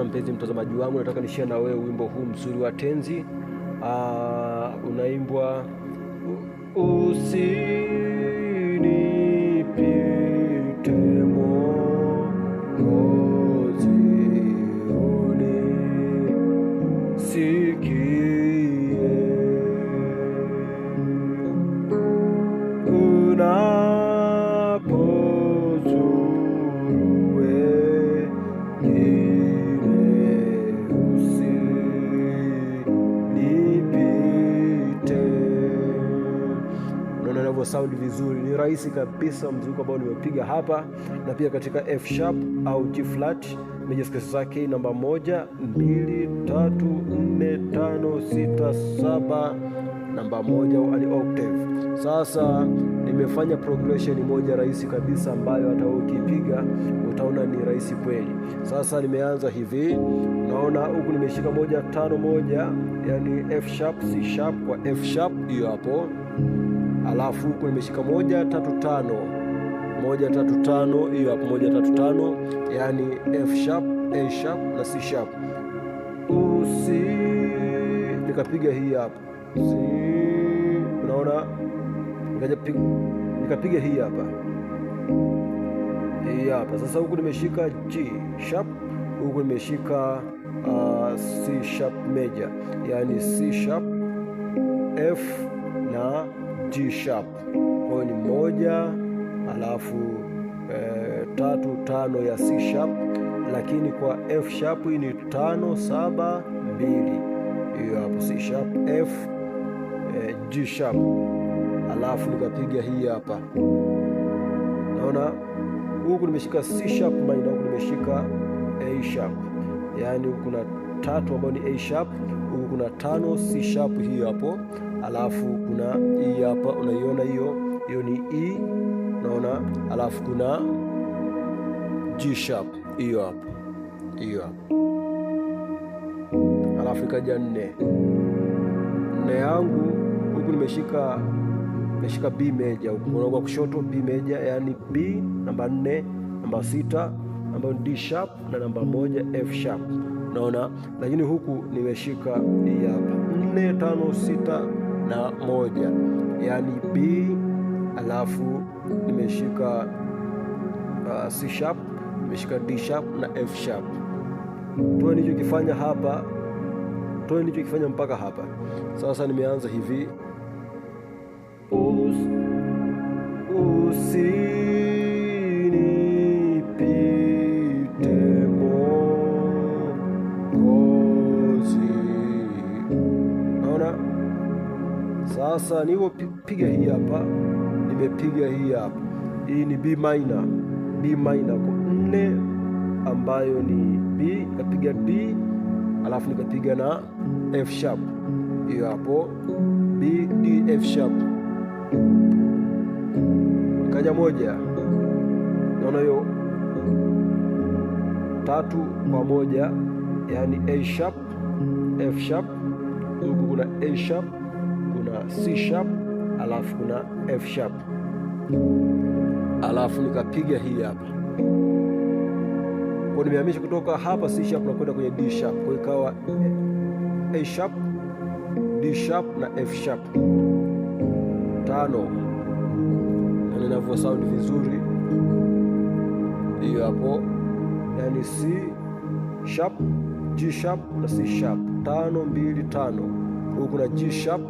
sana mpenzi mtazamaji wangu, nataka nishia na wewe wimbo huu mzuri wa tenzi. Uh, unaimbwa usi sound vizuri. Ni rahisi kabisa mzunguko ambao nimepiga hapa, na pia katika F sharp au G flat meja skesi zake namba moja, mbili, tatu, nne, tano, sita, saba, namba moja au ani octave. Sasa nimefanya progression moja rahisi kabisa ambayo hata wewe ukipiga utaona ni rahisi kweli. Sasa nimeanza hivi, naona huku nimeshika moja tano moja, yani F sharp, C sharp kwa F sharp hiyo hapo alafu huku nimeshika moja tatu tano moja tatu tano hiyo hapo, moja tatu tano yani F sharp A sharp na C sharp usi, nikapiga hii hapa, unaona, nikapiga hii hapa, hii hapa. Sasa huku nimeshika G sharp, huku nimeshika uh, C sharp major, yani C sharp F na G sharp. Kwa hiyo ni moja alafu e, tatu tano ya C sharp, lakini kwa F sharp ni tano saba mbili. Hiyo hapo C sharp F e, eh, G sharp alafu nikapiga hii hapa, naona huku nimeshika C sharp minor, huku nimeshika A sharp, yaani huku tatu ambayo ni A sharp, huku kuna tano C sharp hiyo hapo, alafu kuna E hapa unaiona hiyo hiyo ni E naona, alafu kuna G sharp hiyo hapo hiyo hapo, alafu ikaja nne nne yangu huku nimeshika nimeshika B meja huku kwa kushoto B meja, yani B namba nne namba sita ambayo ni D sharp na namba moja F sharp naona, lakini huku nimeshika hii hapa nne tano sita na moja, yani B, alafu nimeshika uh, C sharp nimeshika D sharp na F sharp. nicho kifanya hapa, toe kifanya mpaka hapa. Sasa nimeanza hivi usi Sasa nilivyopiga hii hapa, nimepiga hii hapa, hii ni B minor, B minor kwa nne ambayo ni B, nikapiga B alafu nikapiga na F sharp, hiyo hapo B D F sharp, kaja moja, naona hiyo tatu kwa moja, yani A sharp F sharp, huku kuna A sharp kuna C sharp alafu kuna F sharp alafu nikapiga hii hapa kwa, nimehamisha kutoka hapa C sharp na kwenda kwenye D sharp, kwa ikawa A sharp, D sharp na F sharp tano, na ninavua sound vizuri hiyo hapo, yani C sharp, G sharp na C sharp, tano mbili tano kwa kuna G sharp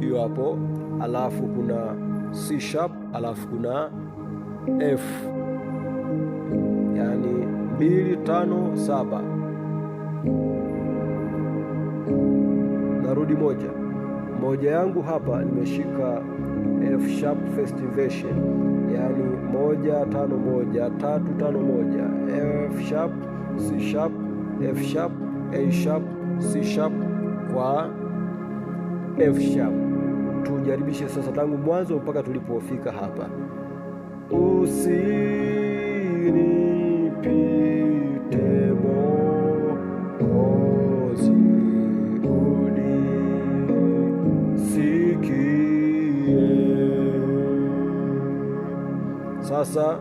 hiyo hapo, alafu kuna C sharp, alafu kuna F, yani mbili tano saba. Narudi moja moja yangu hapa, nimeshika F sharp first inversion, yani moja tano moja tatu tano moja, F sharp C sharp F sharp A sharp C sharp kwa F sharp. Tujaribishe sasa tangu mwanzo mpaka tulipofika hapa. Usinipite Mwokozi, unisikie. Sasa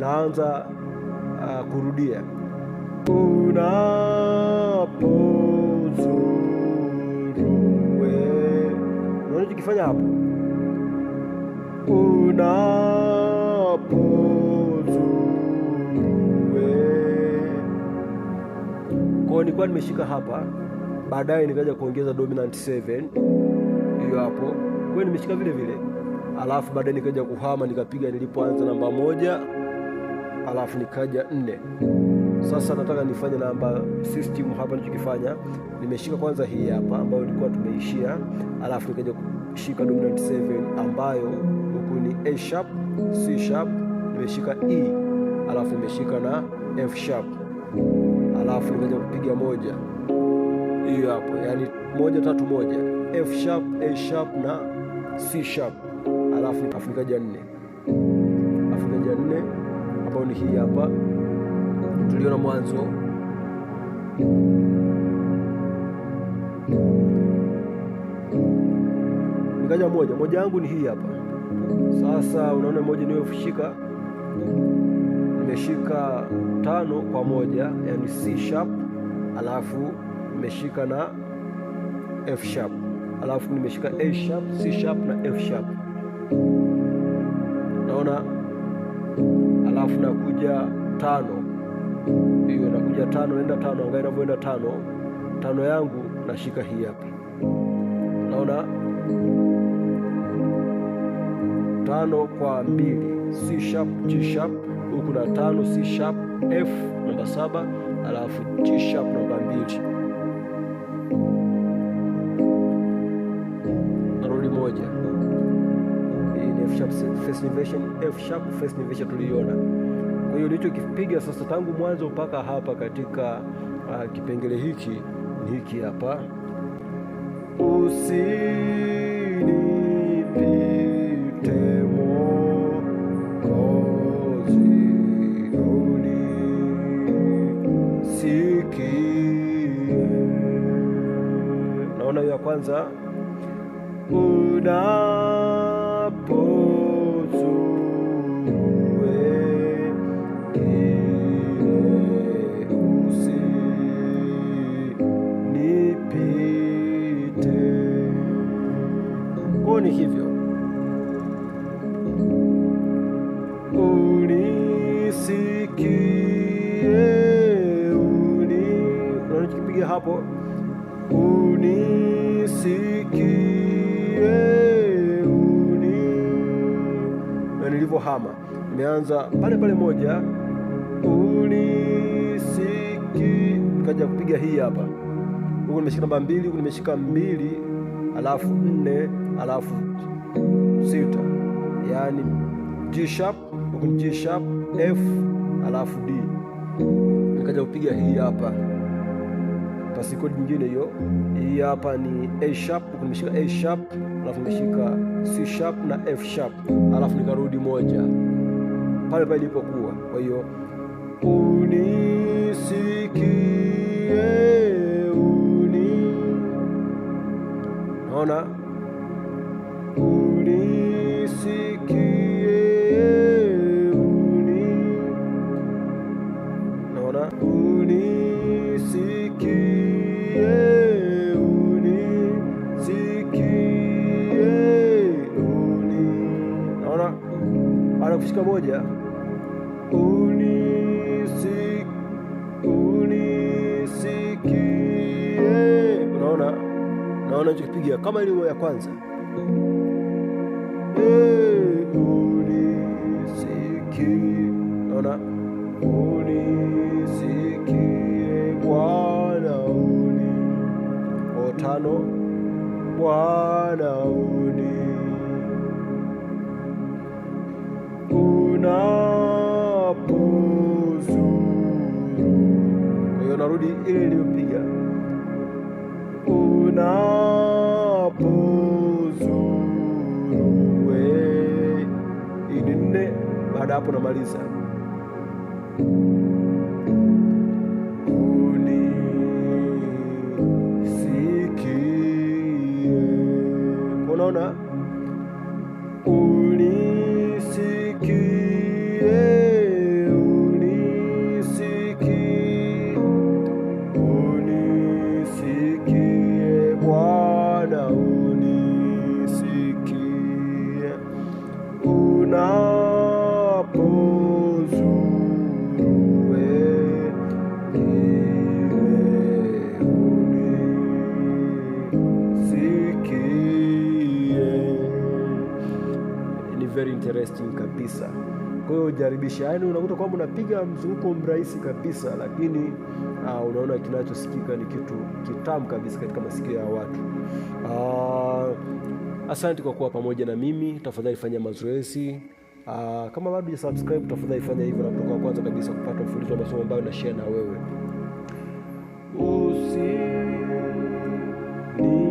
naanza uh, kurudia unapozu unachokifanya hapo, una Kwa nilikuwa nimeshika hapa, baadaye nikaja kuongeza dominant 7 hiyo hapo, kwa nimeshika vile vile, alafu baadaye nikaja kuhama, nikapiga nilipoanza namba moja, alafu nikaja nne sasa nataka nifanye namba system hapa. Nichokifanya, nimeshika kwanza hii hapa ambayo ilikuwa tumeishia, alafu nikaja kushika dominant 7 ambayo huku ni A sharp, C sharp, nimeshika E alafu nimeshika na F sharp, alafu nikaja kupiga moja hiyo hapo, yani moja tatu moja, F sharp, A sharp na C sharp, alafu nikaja nne, alafu nikaja nne ambayo ni hii hapa tuliona mwanzo nikaja moja moja yangu ni hii hapa sasa. Unaona moja niyoshika, nimeshika tano kwa moja, yani C sharp, alafu nimeshika na F sharp, alafu nimeshika A sharp, C sharp na F sharp, naona, alafu nakuja tano hiyo nakuja tano, enda tano, angalia inavyoenda tano. Tano yangu nashika hii hapa, naona tano kwa mbili, C sharp, G sharp, huku na tano, C sharp, F namba saba, alafu G sharp namba mbili, narudi moja. Hii ni F sharp first inversion, F sharp first inversion tuliona. Kwa hiyo nilichokipiga sasa tangu mwanzo mpaka hapa katika uh, kipengele hiki ni hiki hapa usi Naona hiyo ya kwanza una piga hapo, unisikie uni, na nilivyohama nimeanza pale pale moja, unisiki, nikaja kupiga hii hapa, huku nimeshika namba mbili, huku nimeshika mbili, alafu nne, alafu sita, yaani G sharp, huku ni G sharp F alafu D, nikaja kupiga hii hapa basi kodi nyingine hiyo. Hii hapa ni A sharp, nimeshika A sharp, alafu nimeshika C sharp na F sharp, alafu nikarudi moja pale pale ilipokuwa. Kwa hiyo unisikie, uni naona na kufika moja unisikie. Unaona, naona nikipiga kama ile ya kwanza hey, Bwana uni narudi ile iliyopiga unapozuru we ini nne. Baada hapo namaliza unisikie, unaona very interesting kabisa. Kwa hiyo jaribisha, yaani unakuta kwamba unapiga mzunguko mrahisi kabisa, lakini uh, unaona kinachosikika ni kitu kitamu kabisa katika masikio ya watu uh, Asante kwa kuwa pamoja na mimi. Tafadhali fanya mazoezi. Uh, kama bado ya subscribe tafadhali fanya hivyo, na kutoka kwanza kabisa kupata mfululizo wa masomo ambayo na share na wewe Usi, ni...